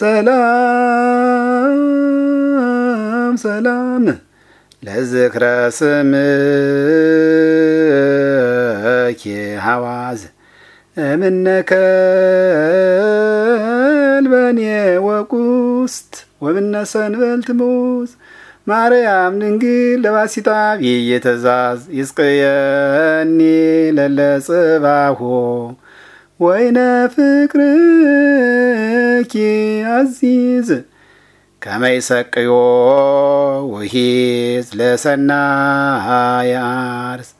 ሰላም ሰላም ለዝክረ ስምኪ ሐዋዝ እምነከል በኔ ወቁስት ወምነሰን በልትሙዝ ማርያም ድንግል ለባሲታ ብይ ትእዛዝ ይስቅየኒ ለለጽባሆ ወይነ ፍቅርኪ አዚዝ ከመይሰቅዮ ውሂዝ ለሰናይ አርስ